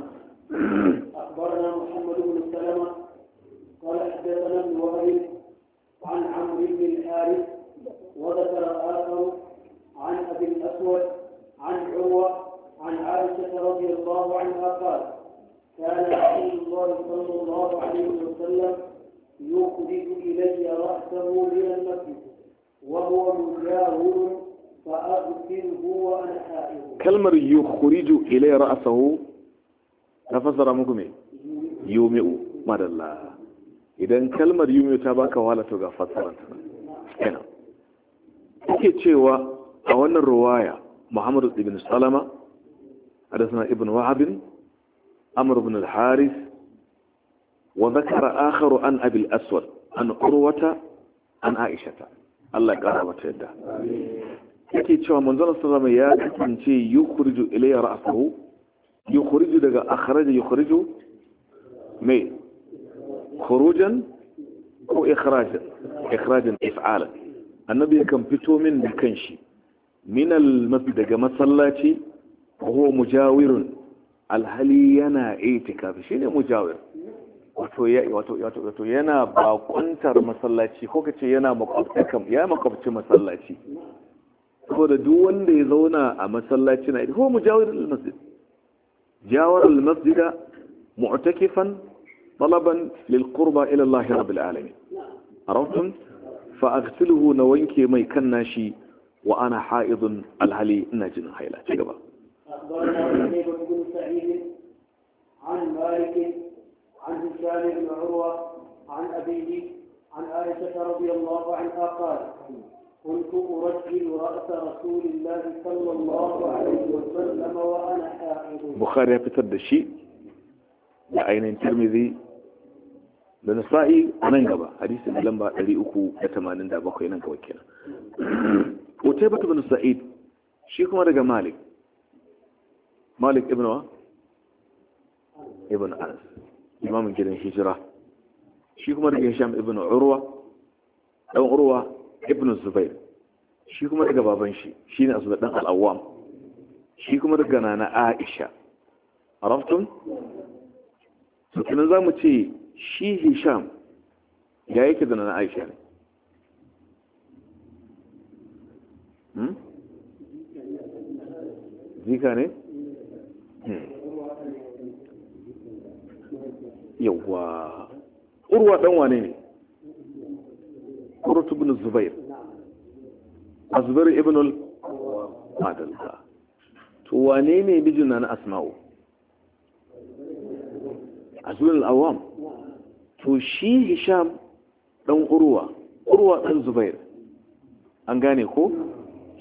أخبرنا محمد بن سلمة قال حدثنا ابن وهب عن عمرو بن الحارث وذكر آخر الكهف الأسود عن عروة عن عائشة رضي الله عنها قال كان رسول الله صلى الله عليه وسلم يخرج إلي رأسه من المسجد وهو مجاور فأغسله وأنا حائر. كلمة يخرج إلي رأسه تفسر مكم يومئ مدى الله idan kalmar yumi ta baka wahala to ga ta kenan yake cewa a wannan ruwaya muhammadu ibn salama a da suna ibn wahabin amur ibn al-haris wa zakara akharu an abil aswad an urwata an aishata allah ya kara mata yadda yake cewa manzon salama ya kasance yukhriju ilayya ra'sahu yukhriju daga akhraja yukhriju me khurujan ko ikhrajan ikhrajan if'ala annabi kan fito min da kanshi minal mafi daga masallaci ko mujawirun alhali yana itikafi shine mujawir wato yana bakuntar masallaci ko kace yana makwabtakan ya makwabci masallaci Ko da duk wanda ya zauna a masallaci na ko mujawir almasjid jawar almasjid mu'takifan talaban lilqurba ila Allah rabbil alamin araftum fa aghsiluhu na wanke mai kan nashi wa ana ha'idun alhali ina jinin haila ci gaba عن عائشة رضي الله عنها قالت كنت أرجل رأس رسول الله صلى الله عليه وسلم وأنا حائض بخاري fitar da shi da ainihin tirmidhi da nasa'i a nan gaba hadisin lamba 387 nan gaba Ote ba ibn Sa'id shi kuma daga Malik. Malik ibn Ibn Anas, imamin gidan hijira. Shi kuma daga Hisham ibn Urwa, ɗan Urwa ibn Zubair. Shi kuma daga baban shi, ne a ɗan al'awam. Shi kuma daga na na Aisha. A raftun? Sukunan za mu ce, shi Hisham ya yake da na Aisha ne. Hmm? jika ne hmm. yawwa urwa dan wane ne urwa tubin zubair azbir ibn al madalka to wane ne bijin na asma'u azbir al awam to shi hisham dan urwa urwa dan zubair an gane ko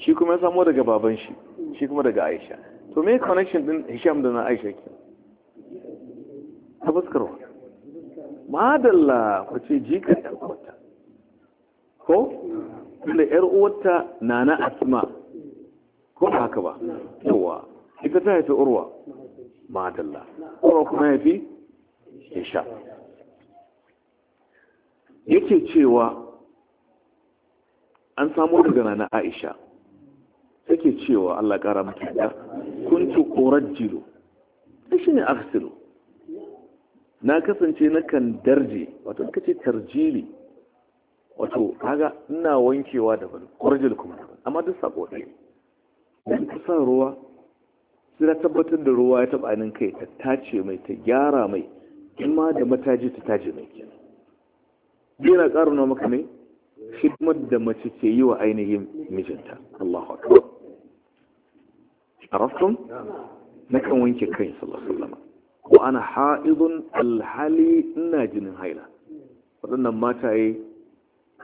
shi kuma ya samo daga baban shi shi kuma daga aisha to me connection din hisham da na aisha ke ta fuskarwa madalla ku ce jikar yan uwarta ko da yar uwarta na na asma ko ba haka ba yawa ita ta haifi urwa madalla urwa kuma haifi hisham yake cewa an samu daga na aisha take cewa Allah kara mata da kuntu shi ne aghsilu na kasance na kan darje wato ka ce tarjili wato kaga ina wankewa daban qorajjil kuma daban amma duk sako ɗaya dan kusa ruwa sai na tabbatar da ruwa ya taba ainin kai ta tace mai ta gyara mai in ma da mataji ta taje mai kenan yana ƙaruna maka ne hidimar da mace ke yi wa ainihin mijinta Allahu akbar araftum nakan wanke kai sallallahu alaihi ana ha'idun alhali ina jinin haila waɗannan mataye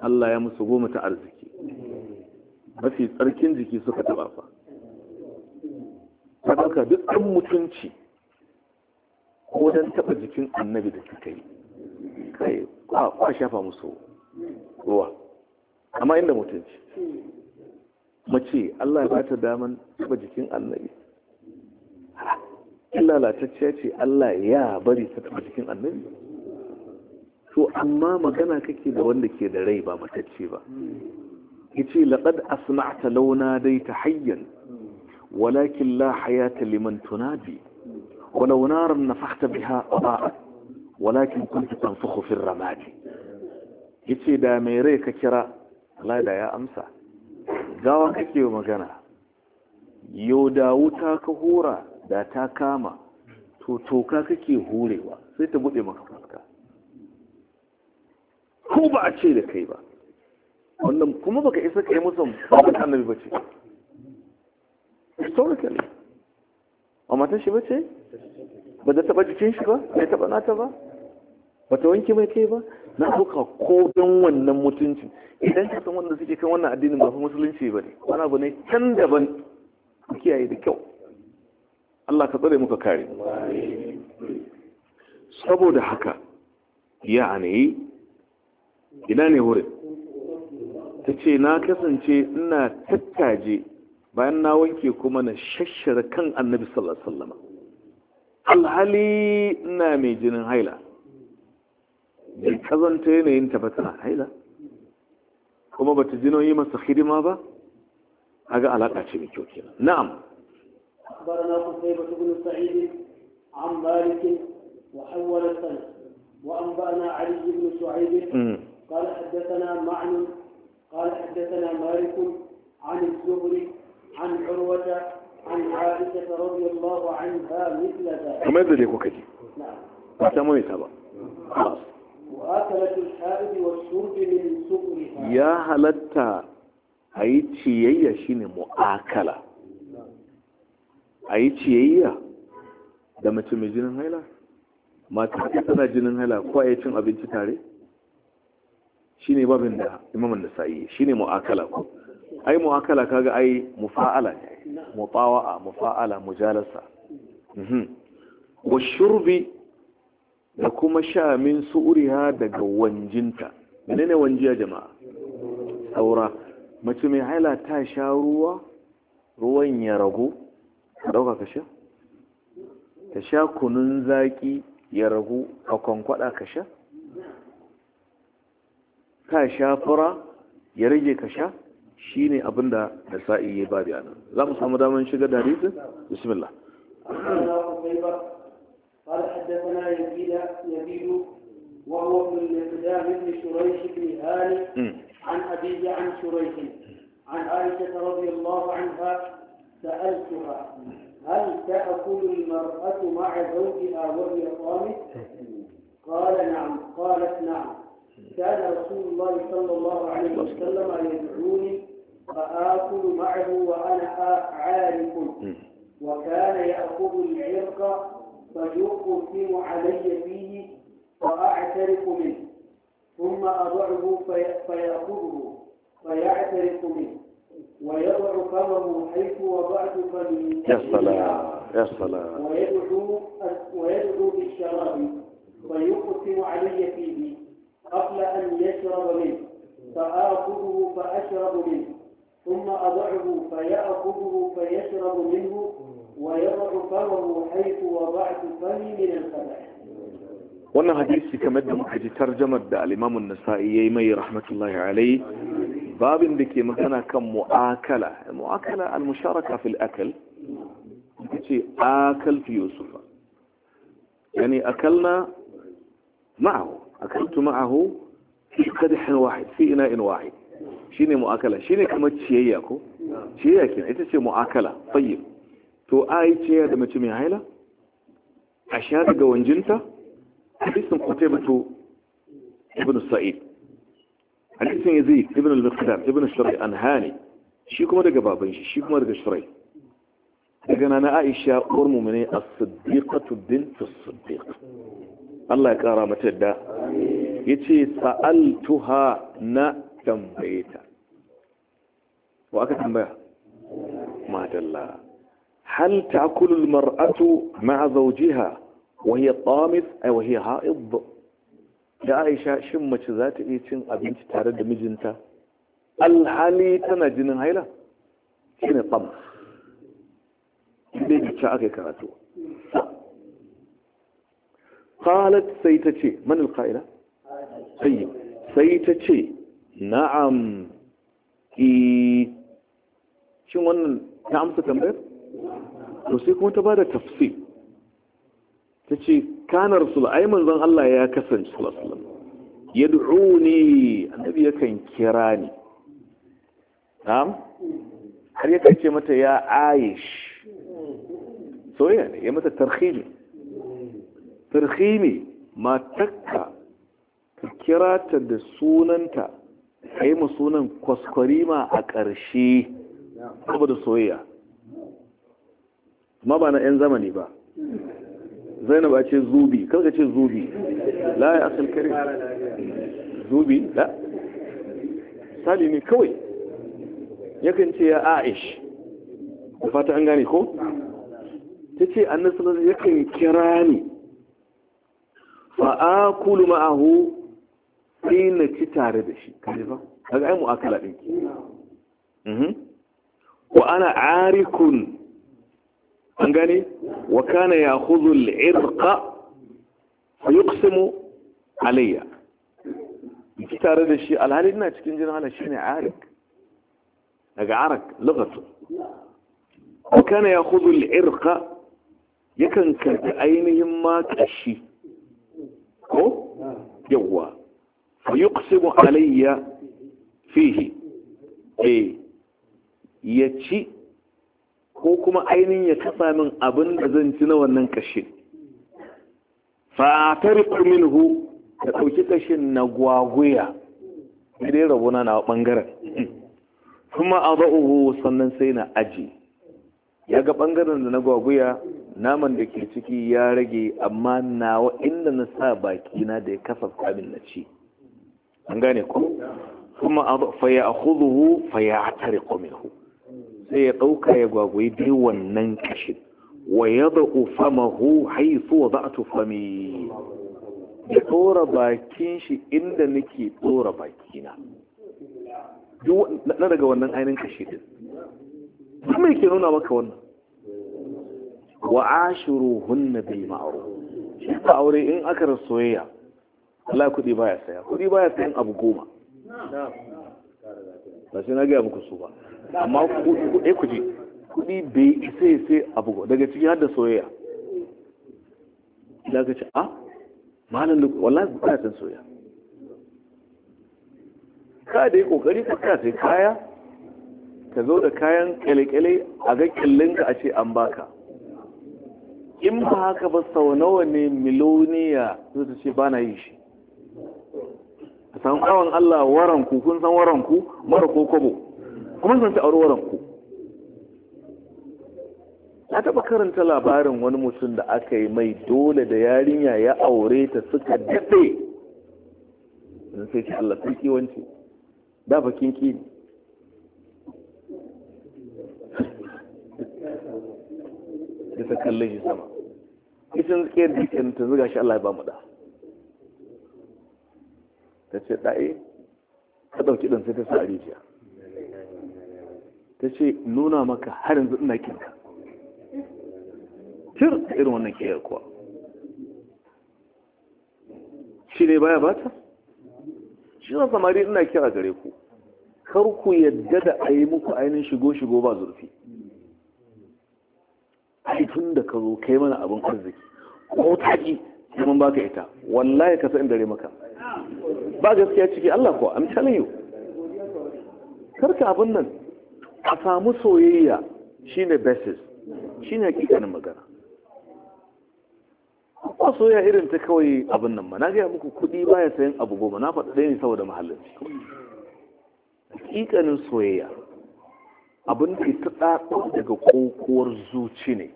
Allah ya musu goma ta arziki mafi tsarkin jiki suka taɓa fa sadaka duk ɗan mutunci ko don taɓa jikin annabi da suka yi kai kwa shafa musu ruwa amma inda mutunci mace Allah ya bata daman taba jikin annabi in lalatacciya ce Allah ya bari ta taba jikin annabi to amma magana kake da wanda ke da rai ba matacce ba yace laqad asma'ta launa dai ta hayyan walakin la hayata liman tunadi ولو نارا نفخت بها أضاءت ولكن كنت تنفخ في الرماد yace da mai rai ka kira Allah da ya amsa gawan kake magana yau da wuta ka hora da ta kama to toka kake horewa sai ta bude maka fuska ko ba a ce da kai ba wannan kuma baka isa kai musu babban annabi ba ce historically amma ta shi ba ce ba da taɓa jikin shi ba bai taɓa nata ba bata wanke mai kai ba na ɗauka ko don wannan mutunci idan ka san wanda suke kan wannan addinin ba musulunci ba ne wani abu ne can daban kiyaye da kyau Allah ka tsare muka kare saboda haka ya yi, ina ne wurin ta ce na kasance ina tattaje bayan na wanke kuma na shashara kan annabi sallallahu alaihi wasallam alhali ina mai jinin haila bai kazanta yanayin ta ba tana haila kuma ba ta jino yi masa hidima ba a ga alaƙa ce mai kyau kenan na'am أخبرنا قتيبة بن سعيد عن مالك وحول السنة وأنبأنا علي بن سعيد قال حدثنا معن قال حدثنا مالك عن الزهري عن عروة عن عائشة رضي الله عنها مثل ذلك. كما يدري كوكتي. نعم. ما تمويتها بقى. خلاص. ya halatta a yi ciyayya shine mu'akala a yi ciyayya da mace mai jinin haila mata ta tana jinin haila ko a cin abinci tare Shi ne babin da imaman da sa'i ne mu'akala ko ai mu'akala kaga ai mufa'ala ne mutawa'a mufa'ala mujalasa wa shurbi da kuma sha min su'uriha daga wanjinta menene wanjiya jama'a saura mace mai haila ta sha ruwa ruwan ya ragu ka dauka ka sha ta sha kunun zaki ya ragu a kwankwada ka sha ta sha fura ya rage ka sha shi ne abin da sa'i ya ba da yanar za mu samu damar shiga da bismillah قال حدثنا يزيد يزيد وهو ابن المقدام بن شريح بن هاني عن أبي عن شريح عن عائشة رضي الله عنها سألتها هل تأكل المرأة مع زوجها وهي صامت؟ قال نعم قالت نعم كان رسول الله صلى الله عليه وسلم يدعوني فآكل معه وأنا عارف وكان يأخذ العرق فيقسم علي فيه فأعترف منه ثم أضعه فيأخذه فيعترف منه ويضع فمه حيث وضعت فمه يا سلام يا سلام ويدعو ويدعو بالشراب فيقسم علي فيه قبل أن يشرب منه فآخذه فأشرب منه ثم أضعه فيأخذه فيشرب منه ويضع فمه حيث وضعت فمي من الخبائث wannan hadisi kamar da muka ji tarjamar da alimamun nasa'i ya yi mai rahmatullahi alai babin da ke magana kan mu'akala mu'akala al-musharaka fil akal ita ce akal fi yusufa yani akalna ma'ahu akaltu ma'ahu fi qadhin wahid fi ina'in wahid shine mu'akala shine kamar ciyayya ko ciyayya kenan ita ce mu'akala tayyib to a yi ce da mace mai haila a sha daga wanjinta hadisin kwatai mutu ibn sa'id hadisin ya zai ibn al-maqdam ibn shari'a an hani shi kuma daga baban shi shi kuma daga shari'a daga nana aisha uwar mumine as-siddiqatu bint as-siddiq Allah ya kara mata da yace sa'altuha na tambayeta wa aka tambaya madalla هل تأكل المرأة مع زوجها وهي طامث أو هي حائض da aisha shin mace zata iya cin abinci tare da mijinta alhali tana jinin haila shi ne tsam ɗaya gice aka yi karatu qalat sai ta ce sai ta ce na'am shin wannan tambayar to sai kuma ta bada tafsir ta ce kanar sul'ai zan Allah ya kasance sallallahu ya ne annabi yakan kira ni na'am har yakan ce mata ya aish soyayya ne ya mata tarhimi tarhimi matakka ka kira ta da sunanta kai mu sunan kwaskwarima a ƙarshe saboda soyayya amma ba na 'yan zamani ba zainab a ce zubi karka ce zubi la ya asal kare zubi la sali kawai yakan ce ya aish da fata an gane ko ta ce annasar yakan kira ni fa'akulu ma'ahu sai na ci tare da shi kalifa daga ai mu'akala ɗinki mhm. wa ana arikun an gane wa kana ya khuzul irqa fa yuqsimu alayya ki tare da shi alhali ina cikin jin hala shine arik daga arak lugatu wa kana ya khuzul irqa yakan karbi ainihin ma kashi ko yawa fa yuqsimu alayya fihi eh ya ci ko kuma ainihin ya kasa min abin da zan ci na wannan kashin fatar minhu ya ɗauki kashin na gwagwaya sai dai rabona na ɓangaren kuma a ra'uhu sannan sai na aji ya ga ɓangaren da na gwagwaya naman da ke ciki ya rage amma nawa inda na sa baki na da ya kasa kamin na ci an gane ku kuma fa ya akhudhu fa ya minhu sai ya ɗauka ya gwagwai bi wannan kashin wa ya zaƙo hu haifu za a tufami ya tsora bakin shi inda nake tsora bakina na daga wannan ainihin kashi din kuma ke nuna maka wannan wa ashiru hunna bil ma'ruf shi ka aure in aka rasoyayya Allah kudi baya saya kudi baya sayan abu goma ba sai na ga muku su ba amma kuɗe ku eh, je kuɗi bai isa ya sai abu daga cikin hada soyayya da ka ce a ah, malam da wallahi ba ta soya. ka da yi kokari ka ka sai kaya ka zo da kayan kyale a ga ka a ce an baka in ba haka ba sau nawa ne miloniya zai ta ce ba na yi shi a san kawon Allah waranku kun san waranku mara ko kwabo kuma sun ta aurowaran ku na taɓa karanta labarin wani mutum da aka yi mai dole da yarinya ya aure ta suka daɗe sai ci Allah sun kiwanci da bakin ki da ta kallon shi sama kishin tsakiyar dikin ta zuga shi Allah ya ba mu da ta ce ɗaye eh, ta ɗauki ɗan sai ta sa a rijiya ta ce nuna maka har yanzu ina kinka tir irin wannan ke kuwa shi ne baya bata shi zan samari ina kira gare ku kar ku yadda da a yi muku ainihin shigo-shigo ba zurfi tun da ka zo kai mana abin arziki ko taƙi ba baka ita wallahi ka san dare maka ba gaskiya ciki Allah ko I'm telling you karka abin nan a samu soyayya shine basis shine hakikanin magana ba soyayya irin ta kawai abin nan ma na gaya muku kudi baya sayan abu goma na faɗi ɗaya ne saboda mahallin hakikanin soyayya abin da ta ɗaɗo daga kokowar zuci ne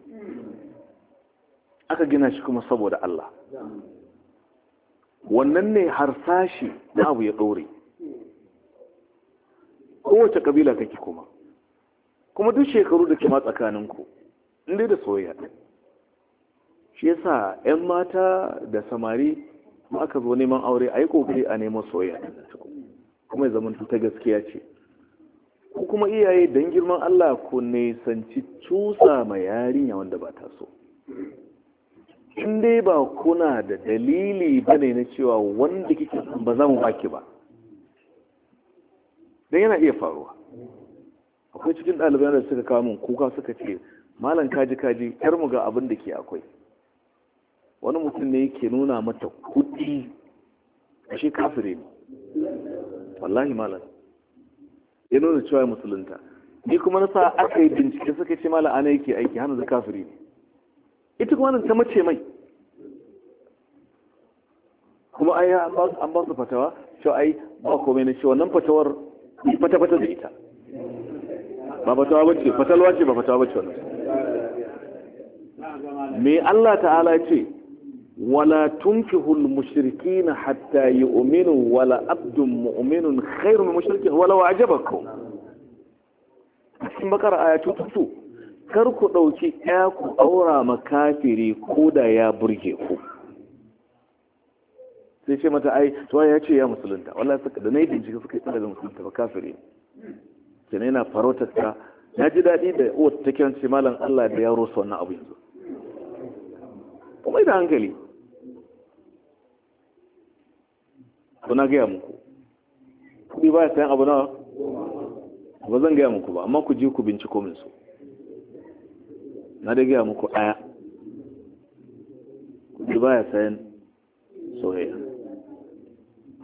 aka gina shi kuma saboda Allah wannan ne harsashi na abu ya ɗore kowace ƙabila kake kuma kuma duk shekaru da ke ma tsakaninku inda da soyayya shi yasa 'yan mata da samari ma aka zo neman aure a yi kokari a neman soyayya kuma ya zamantu ta gaskiya ce ko kuma iyaye don girman Allah ku nisanci cusa ma yarinya wanda ba ta so in dai ba kuna da dalili ba ne na cewa wanda kike ba za mu baki ba don yana iya faruwa akwai cikin ɗalibai da suka kamun kuka suka ce malam kaji kaji yar mu ga abin da ke akwai wani mutum ne ke nuna mata kuɗi a shi kafire ne wallahi malam ya nuna cewa musulunta ni kuma na sa aka yi bincike suka ce malam ana yake aiki hana da kafire ne ita kuma nan ta mace mai kuma ai an ba su fatawa cewa ai ba komai na cewa nan fatawar fata-fata da ita ba fatawa ce fatalwa ce ba fatawa bace wannan me Allah ta'ala ce wala tunkihul mushrikin hatta yu'minu wala abdun mu'minun khairun min mushrikin wala wa'jabakum cikin bakar ayatu tutsu kar ku ɗauki ya ku aura ma makafiri koda ya burge ku sai ce mata ai to ya ce ya musulunta wallahi saka da nayi bincike suka yi tsara musulunta ba kafiri ne sai yana farautar ta na ji daɗi da uwar ta kiran ce malam Allah da yaro su wannan abu yanzu kuma da hankali kuna gaya muku kuɗi ba ya sayan abu nawa ba zan gaya muku ba amma ku ji ku binciko min su na da gaya muku ɗaya kuɗi ba ya sayan soyayya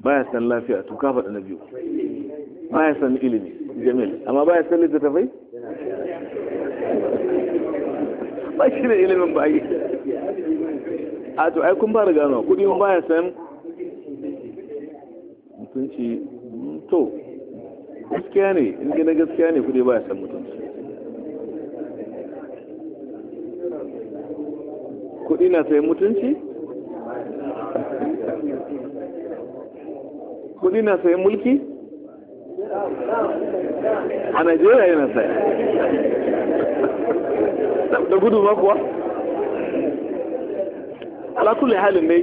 ba ya sayan lafiya to ka faɗa na biyu ba ya sayan ilimi jamil amma baya san littattafai ba shi da ilimin ba yi a to ai kun fara gano kudi mun baya san mutunci to gaskiya ne in gina gaskiya ne kudi baya san mutunci kudi na sayan mutunci kudi na sayan mulki a najeriya yana saya da gudu ba kuwa alakulli halin ne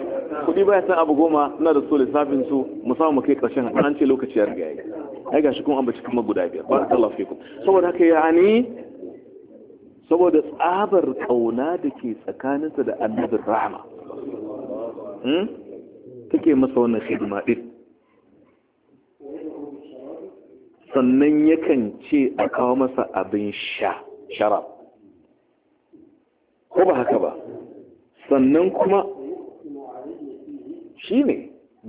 kudi baya san abu goma na da so lissafin su musamman kai karshen an ce lokaci ya riga ya gashi kuma an ambaci kuma guda biyar ba ta ku saboda haka ya ani saboda tsabar kauna da ke tsakaninsa da annabin rahama hmm, take masa wannan hidima din sannan yakan ce a kawo masa abin sha sharab ko ba haka ba sannan kuma shi ne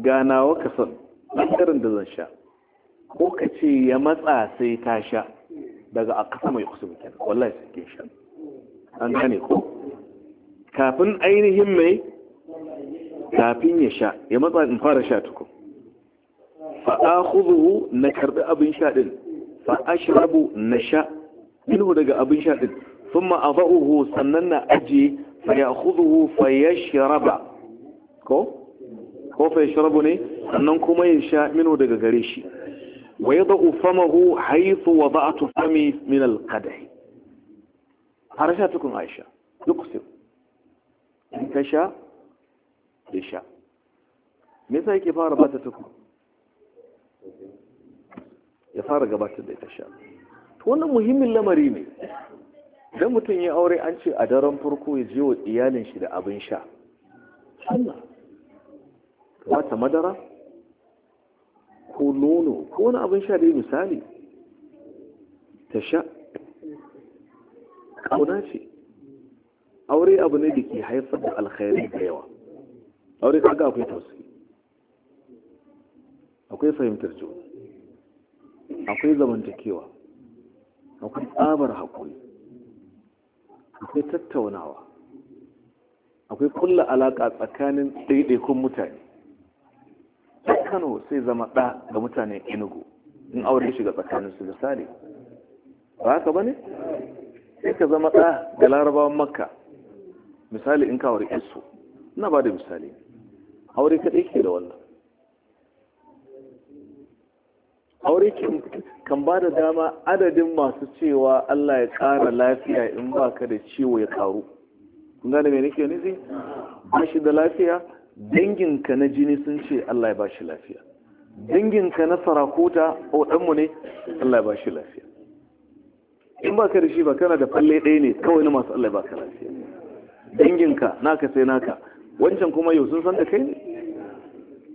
ganawa ka son ɓangaren da zan sha ko ka ce ya matsa sai ta sha daga a ƙasa mai kusa bikin wallahi ke sha an gane ko kafin ainihin mai kafin ya sha ya matsa in fara sha tukun fa akhudhu na karbi abin sha din fa ashrabu na sha minhu daga abin sha din thumma adahu sannan na aje fa ya'khudhu fa yashraba ko ko fa yashrabu ne sannan kuma ya sha minhu daga gare shi wa yadu famahu haythu wada'tu fami min al-qadah harsha tukun Aisha duk sai in ka sha me sai yake fara bata tukun ya fara gabatar da ita sha To wannan muhimmin lamari ne idan mutum ya aure an ce a daren farko ya je wa iyalin shi da abin sha Allah wata madara ko nono ko wani abin sha da misali ta sha ƙauna ce aure abu ne da ke haifar da alkhairi da yawa aure kaga akwai tausayi akwai fahimtar juna akwai zamantakewa akwai tsabar hakuri, akwai tattaunawa akwai kulla alaƙa tsakanin ɗaiɗaikun mutane Ɗan kano sai zama ɗa ga mutanen enugu in aure shiga tsakaninsu misali ba haka ba ne sai ka zama ɗa ga larabawan makka misali in ka aure isu na ba da misali aure kaɗai ke da wannan aure kan ba da dama adadin masu cewa Allah ya ƙara lafiya in ba ka da ciwo ya karu kun gane mai nake nufi ba shi da lafiya danginka na jini sun ce Allah ya ba shi lafiya danginka na sarakuta o ɗanmu ne Allah ya ba shi lafiya in ba ka da shi ba kana da falle ɗaya ne kawai na masu Allah ya ba ka lafiya danginka naka sai naka wancan kuma yau sun san da kai ne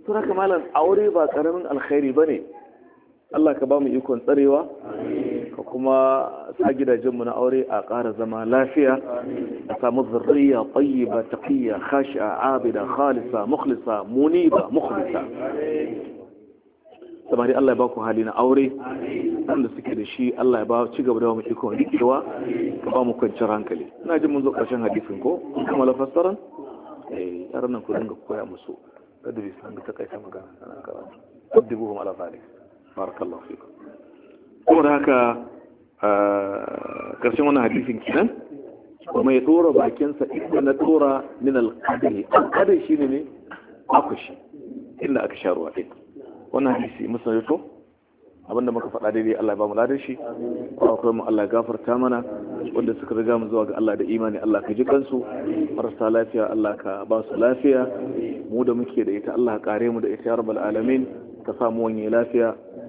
to kamalan malam aure ba ƙaramin alkhairi ba ne Allah ka ba mu ikon tsarewa ka kuma sa gidajenmu na aure a ƙara zama lafiya a samu zurriya tayyiba taqiyya khashi'a abida khalisa mukhlisa muniba mukhlisa samari Allah ya ba ku hali na aure wanda suke da shi Allah ya ba ci gaba da mu ikon rikewa ka ba mu kwanciyar hankali ina jin mun zo ƙarshen hadisin ko kuma la fassaran eh yaran nan ku dinga koya musu kada bi san ta kai magana sanan karatu ala zalik barakallahu kuma haka karshen wani hadisin kenan mai ya bakinsa inda na tsoro min alƙadari alƙadari shi ne ne akushi inda aka sha ruwa ɗin wani hadisi musa ya abinda muka faɗa daidai Allah ba mu ladar shi akwai mu Allah gafarta mana wanda suka riga mu zuwa ga Allah da imani Allah ka ji kansu marasa lafiya Allah ka ba su lafiya mu da muke da ita Allah kare mu da ita ya rabbal alamin ka sa mu wani lafiya